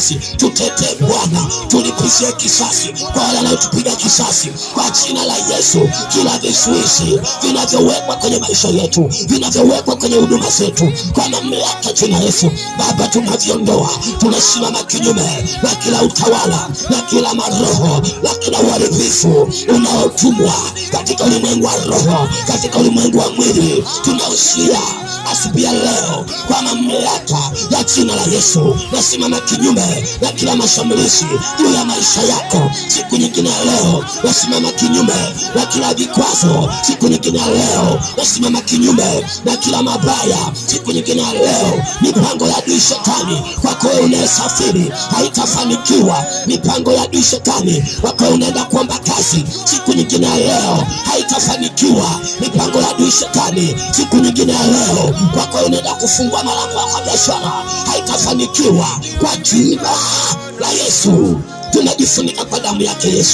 kisasi, tutete Bwana, tulipizie kisasi kwa wale wanaotupiga kisasi, kwa jina la Yesu. Kila vizuizi vinavyowekwa kwenye maisha yetu, vinavyowekwa kwenye huduma zetu, kwa mamlaka jina Yesu Baba tunaviondoa, tunasimama kinyume na kila utawala na kila maroho na kila uharibifu unaotumwa katika ulimwengu wa roho, katika ulimwengu wa mwili tunaosia asubuhi ya leo, kwa mamlaka ya jina la Yesu, nasimama kinyume na kila mashambulizi juu ya maisha yako siku nyingine ya leo. Nasimama kinyume na kila vikwazo siku nyingine ya leo. Nasimama kinyume na kila mabaya siku nyingine ya leo. Mipango ya adui shetani kwako wewe unayesafiri haitafanikiwa. Mipango ya adui shetani kwako unaenda kuomba kazi siku nyingine ya leo haitafanikiwa mipango ya adui shetani siku nyingine ya leo kwako unaenda kufungua malango ya biashara haitafanikiwa kwa jina la Yesu tunajifunika kwa damu yake Yesu